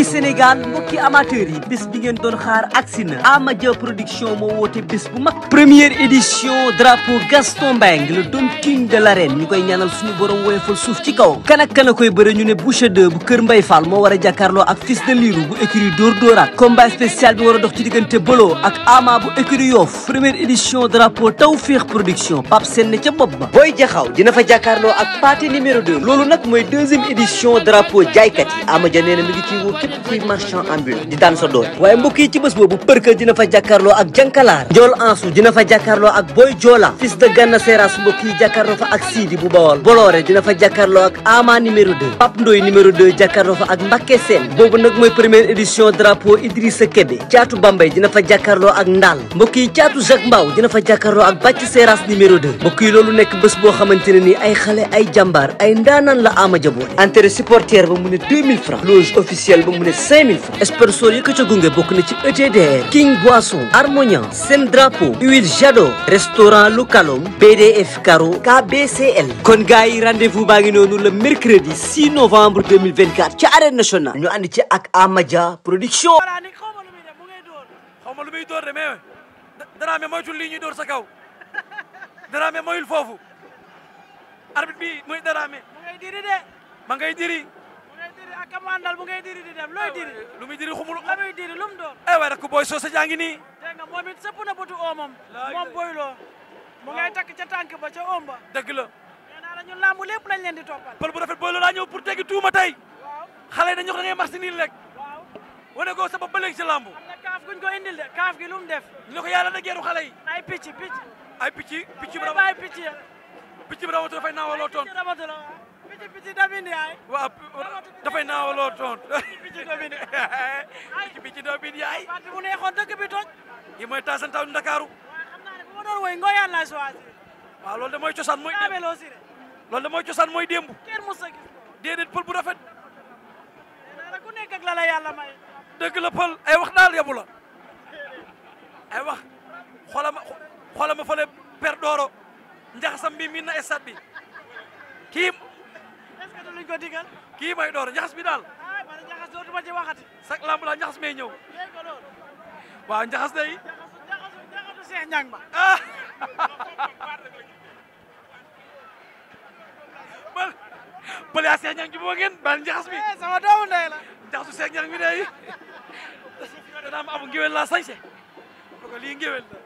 mbokki Sénégal mbokki amateur yi bés bi ngeen doon xaar agsi na Ama Dia production moo woote bés bu mag première édition drapeau Gaston Mbengue le Don King de l'arène koy ñaanal a ñu ne Boucher 2 bu kër Mbay Fall moo war a jàkkaarloo ak fils de Lirou bu écurie Dóor Dóoraat combat spécial bi war dox ci diggante Bolo ak Ama bu écurie Yoff première édition drapeau Tawfekh production Pape Sène ca bopp ba Boy Jaxaw dina fa jàkkaarloo ak Pathé numéro 2 loolu nag mooy deuxième édition drapeau jaaykat yi Ama Dia mi ngi ciy woo nekk kuy marchand ambulant di daan sa doole waaye mbokk yi ci bés boobu përkël dina fa jàkkaarloo ak jankalaar njool ansu dina fa jàkkaarloo ak boy joola fils de Gana Seras mbokk yi jàkkaarloo fa ak siidi bu bawol boloore dina fa jàkkaarloo ak ama numéro 2 Pape Ndoy numéro de jàkkaarloo fa ak Mbacké Sène boobu nag mooy première édition drapeau Idrissa Kébé caatu Bambey dina fa jàkkaarloo ak ndaal mbokk yi caatu Jacques Mbaw dina fa jàkkaarloo ak bàcc Seras numéro 2 mbokk yi loolu nekk bés boo xamante ne nii ay xale ay ay ndaanaan la ama jaboole entrée supporter ba mu ne 2000 francs ba mu ne 5000 francs sponsor yi ko ca gunge bokk na ci ETDR King Boisson Harmonia Sem Drapeau Huile Jado restaurant Loukalom BDF Caro KBCL kon gars yi baa ngi noonu le mercredi 6 novembre 2024 ci arène nationale ñu ci ak Amadia production sa kaw Dramé moyul foofu ma ngay diri de ma ngay diri ak mandal àndal bu ngay diri di dem looy diri. lu muy diri xumul la muy diri lu mu eh waaye rek boy soo sa jàngi nii. dégg nga moom it sëpp na bëtu oomam. moom booyloo. mu ngay takk ca tànk ba ca oom ba. dëgg la. la lañ leen di toppal. pël bu rafet booyloo laa ñëw pour teggi tuuma tey. waaw xale yi ngay marché nii rek. waaw ko sa ba léegi ci làmb. am na guñ ko indil de kaaf gi lu def. na ay ay ay ci picc dafay naawaloo tontu. ci picc domine yaay. picc yaay. parti bu neexoon dëkk bi toj. yi mooy taasantaw Ndakaaru. waaw xam naa ne bu ma de mooy cosaan mooy. démb loolu de mooy cosaan sa pël bu rafet. dara yàlla dëgg la pël ay wax daal yabu la ay wax xoolama xoolama fële per dooro njaxasam bi miin na stade bi duñ ko door ñaxas bi daal ah man ñaxas dootuma ci waxati sax lamb la ñaxas may ñëw dégg nga loolu waaw ñaxas day ñaxasu ñaxasu Cheikh Niang ba bal bal yaa Cheikh Niang ju ngeen bal ñaxas bi eh, sama doomu ndey la ñaxasu Cheikh Niang bi day abu ngéwél laa sañse ko lii ngéwél la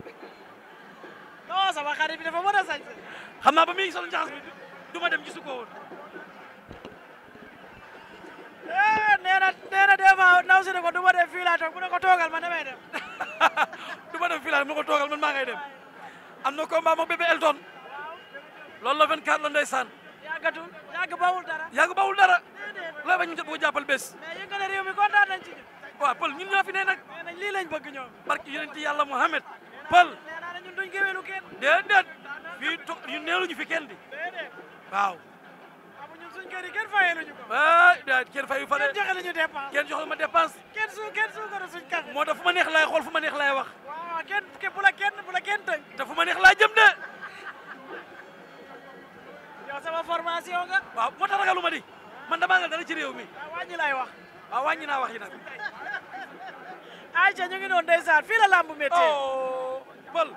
non dafa mën a sañse naa ba mi ngi sol dem gisu ko neena neena dema nawsine ko duma dem fii laa toog mu ne ko toogal ma damay dem duma dem fii laa mu ne ko toogal man maa ngay dem am na combat moom bébé Elton loolu la 24 la ndeysaan yàggatul yàgg bawul dara yàgg bawul dara looy ba ñu jot bu jàppal bés mais yëngal réew mi kontaan nañ ci ñun waaw pël ñun ñoo fi ne nag nee nañ lii lañ bëgg ñoom barki yonent yàlla fi kenn di waaw amuñu suñ kër yi kenn fayeluñu kenn fayu fa de kenn joxe nañu dépense kenn joxe ma dépense kenn su kenn suukara suñ café moo tax fu ma neex laay xool fu ma neex laay wax kenn bu kenn bu la fu ma neex laa jëm de yow sama formation nga waaw moo tax ragaluma di man damaa nga dara ci réew mi waaw wàññi laay wax waaw wàññi naa wax yi nag Aïcha ñu ngi doon ndeysaan fii la lamb métti oh, pël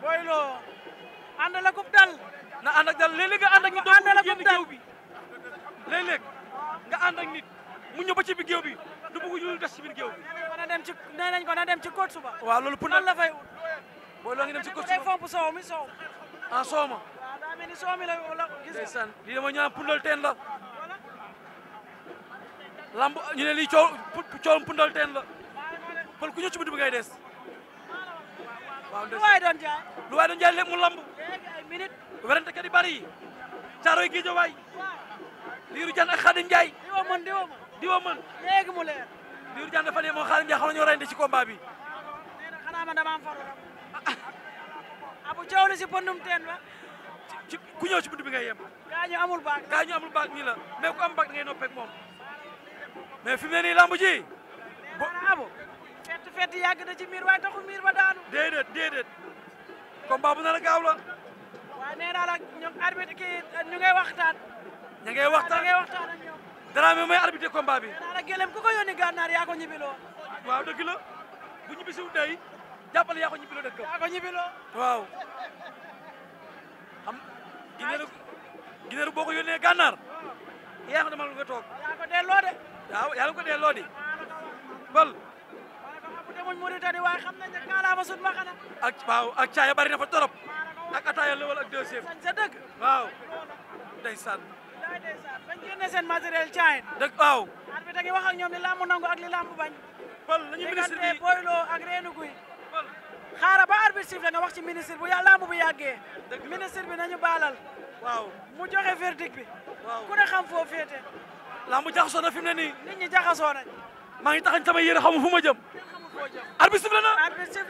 booy loo ànd la ko dal na ànd ak dal léeg-léeg nga ànd ak ñu doon bi léeg nga ànd ak nit mu ñëw ba ci biir géew bi du bëgg ñu des ci biir géew bi. na dem ci nee nañ ko na dem ci coach suba. waaw loolu pour nan la fay dem ci coach suba fomp soow mi soow. ah soow ma. waaw daa la wala gis nga. ndeysaan lii dama ñaan pundal teen la. lamb ñu ne lii coow coow pundal teen la. kon ku ñëw ci biir bi ngay des. waaw lu waay doon jaay. lu waay doon jaay lépp mu lamb. minute. werante yi bari yi. caaroy géej waay. Lirou Diane ak Khadim Ndiaye. diwa mën diwa mën. diwa leer. Lirou Diane dafa ne moom Khadim Ndiaye xaw nañoo am faru abu coow si pëndum teen ba. ku ñëw ci bunt bi ngay yem. gaañu amul baag. gaañu amul baag nii la mais ku am baag da ngay noppeeg moom. mais fi mu ne ji. bo abu. fett fett yàgg na ci miir waaye taxul miir ba daanu. déedéet déedéet. combat bu nar a gaaw la. waaye nee la ñoom arbitre kii ñu ngay waxtaan. ña ngay waxtaan ña ngay waxtaan ak arbitre combat bi ku ko yónni gànnaar ko ñibbiloo waaw dëgg la bu ñibbisi day jàppal yaa ko ñibbiloo dëkkam yaa ko ñibbiloo waaw xam gineeru gineeru boo ko yónnee gànnaar ko demal nga toog Ya, ko delloo de waaw yaa ko di bal demuñ Mauritanie waaye xam nañ ne kaalaama sut maxana ak waaw ak caaya bari na fa torop ak ataaya lewal ak deux sa dëgg waaw bañ génne seen matériel caay. dëgg waaw. arbitre gi wax ak ñoom li làmb nangu ak li làmb bañ. Pël lañu ministre bi diggante Boylo ak Reenu Guy. Pël xaaral ba arbitre siffle wax ci ministre bu yà làmb bu yàggee. ministre bi nañu baalal. waaw mu joxe verdict bi. waaw ku ne xam foo féete. làmb jaxasoo na fi mu ne nii. nit ñi jaxasoo nañ. maa ngi taxañ sama yére xamu fu ma jëm. arbitre siffle na.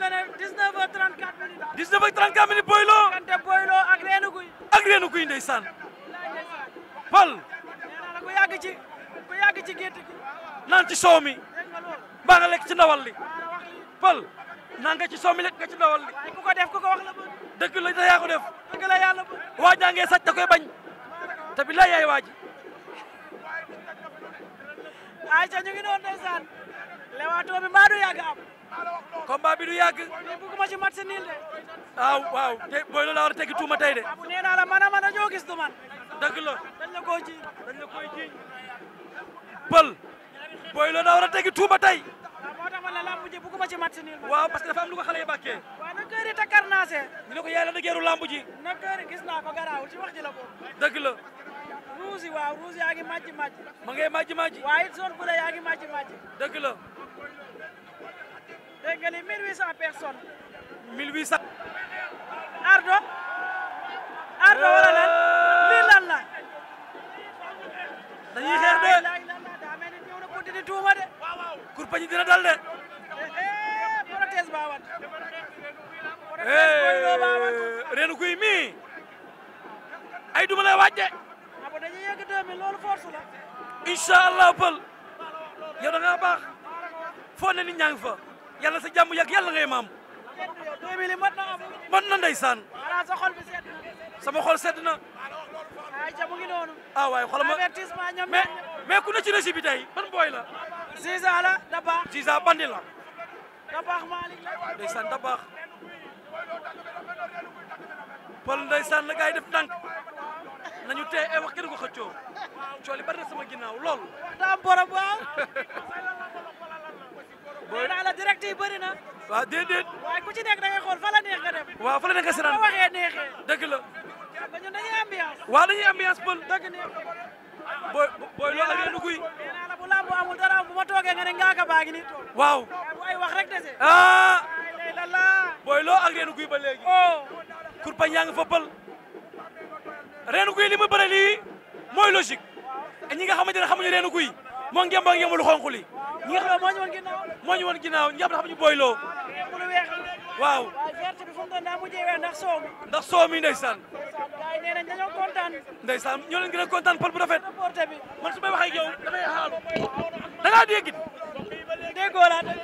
na 19h34 minutes. 19h34 minutes Boylo. diggante Boylo ak Reenu Guy. ak Reenu Guy ndeysaan. pël ku yàgg ci ku yàgg ci gétt gi naan ci soow mi mbaa nga lekk ci ndawal li pël naan ci soow mi lekk nga ci ndawal li ku ko def ku ko wax la bëgg dëgg la da yaa ko def dëgg la yàlla bëgg waa jaa ngee sàcc da koy bañ te bi la yaay waa ji ay ca ñu ngi doon ndeysaan lewaatoo bi mbaa du yàgg am combat bi du yàgg mais bëgguma ci match nil de waaw waaw te booy loolu la war a tuuma tey de naa la man a dëgg la la koo ji la koy ji pël booy la na war a tegi tuuma tey waaw moo tax ma ne lamb ji bugguma ci match nul parce que dafa lu ko xale yi bàkkee waaw na kër yi takkar naase ñu ne la na geeru lamb ji na kër yi gis naa ko garaawul ci wax ji la ko dëgg la ruusi waaw ruusi yaa ngi màjji màjji ma ngay màjji màjji waaye la yaa ngi màjji màjji dëgg la dégg nga ni 1800 personnes 1800 ardo ardo wala dañuy xeex de. daa mel ni dina dal de. Eh, eh, protège baawat. Eh, mi ay duma waaj de. abo ah, pël yow da baax foo ne ni ñaa ngi fa yàlla sa jàmm yàgg yàlla ngay maam. mën na ndeysaan. sama xol sedd na. ayca mu ngi noonu. Ah, ma avertissement ñoom ku ne ci régie bi tey ban booy la. Ziza la Dabaax. Ziza bandi la. Dabaax Malick la. ndeysaan Dabaax. Pël ndeysaan la gars yi def ndànk nañu tee ay eh, wax kenn ko xëccoo cooli bari na sama ginnaaw lool. daa borom waaw. booy naa la direct yi bëri na. waaw waaye ku ci nekk da xool fa la si naan waxee neexee. dëgg waaw dañuy ambiance pël dëgg ne booy booy loolu ak yenn guy. nee naa la bu lamb amul dara bu ma toogee nga ne ngaaka baa ngi nii. waaw bu ay wax rek dese. ah. booy loo ak reenu guy ba léegi. oh. kurpañ yaa ngi fa pël. reenu guy li mu bëre lii mooy logique. ñi nga xamante ne xamuñu reenu guy. moo ngi yemboo ak yembu lu xonq li. ñi nga xam moo ñu woon ginnaaw. moo ñu woon ginnaaw ñi nga xam ne xamuñu booy loo. waaw. waaw gerte bi fu mu doon daa mujjee weer ndax soow mi. ndax soow mi ndeysaan nee nañ dañoo kontaan. ndeysaan ñoo leen a kontaan par bu rafet. man su may wax ak yow eh, na ko. day jeex wala jeex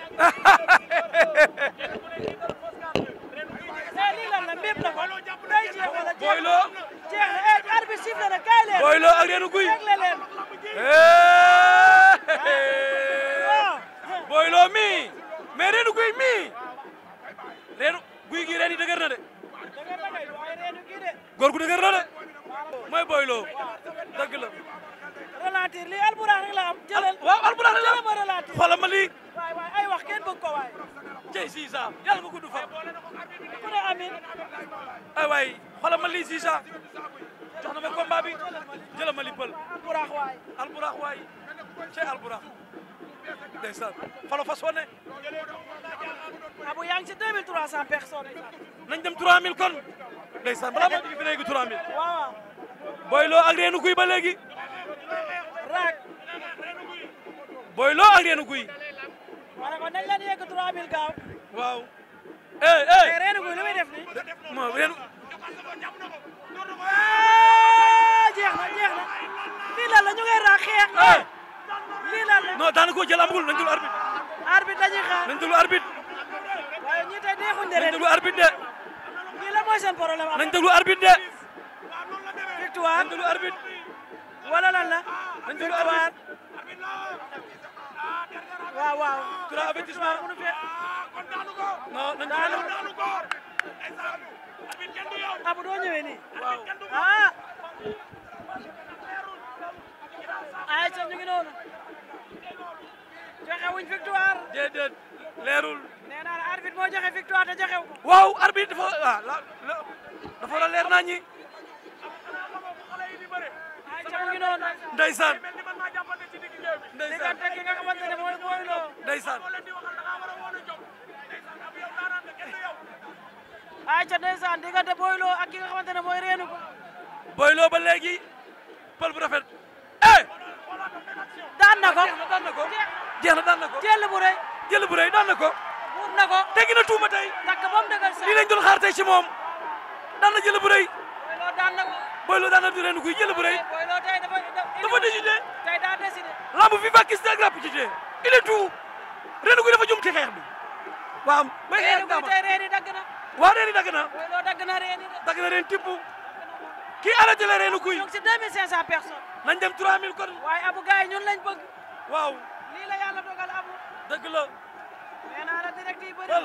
loo. jeex eh, loo ak reenu guy. tegle loo mii mais reenu guy mii reenu guy gi reen yi dëgër na de. boyloo dëgg la. relatir lii alburax rek la am. jëlal waaw alburax rek la am jëlal ma relatir. xoolal ma lii. waay waay ay wax kenn bëgg ko waay. jëy Ziza yàlla nga gudd fa. ku ne amiin. ay waay xoolal ma lii Ziza jox na ma combat bi jëlal ma lii pël. alburax waay alburax waay cee alburax. ndeysaan falo fas wane. abu yaa ngi ci 2300 personnes. nañ dem 3000 kon. ndeysaan balaa ma dugg fi léegi 3000. waaw. boylo ak renou kuy ba legui rak boylo ak renou kuy wala ko nañ yegg 3000 waw eh eh renou kuy limay def ni mo renou jeex na ko jël amul nañ dul arbitre arbitre dañuy xaar nañ dul arbitre waaye ñi tey neexuñ de nañ dul arbitre de la seen problème nañ dul arbitre de dañ dul arbitre wala lan la dañ dul arbitre waaw waaw trois avertissement mënu ah, fee kon daanu ko non dañ daanu ko arbitre kenn du yow abu doo ñëwee nii waaw ah ay ca ñu ngi noonu joxe wuñ victoire déedéet leerul nee naa la arbitre moo joxe victoire te joxew waaw arbitre dafa ah, dafa war a leer naa ñi ndeysaan ndeysaan ndeysaan ay ca ndeysaan diggante Boylo ak ki nga xamante mooy reenu Boylo ba léegi pël bu rafet eh daan na ko ah, daan na daan na ko jël bu rëy jël bu rëy daan na ko buur teggi na tuuma tey takk ba xaar tey ci moom daan na jël bu rëy Boylo daan na du reenu kuy jël bu dafa décidé tey daa décidé lamb fi vaquis de rapidité il est tout René Gouy dafa jum ci xeex bi waaw may xeex dama é reeni dagg na waaw reeni o na loo dagg na reeni dagg na reen que kii arrêté la René Gouy donc c'est 2500 personnes nañ dem 3000 kon waaye abu gars yi ñun lañ bëgg waaw lii la yàlla é abu dëgg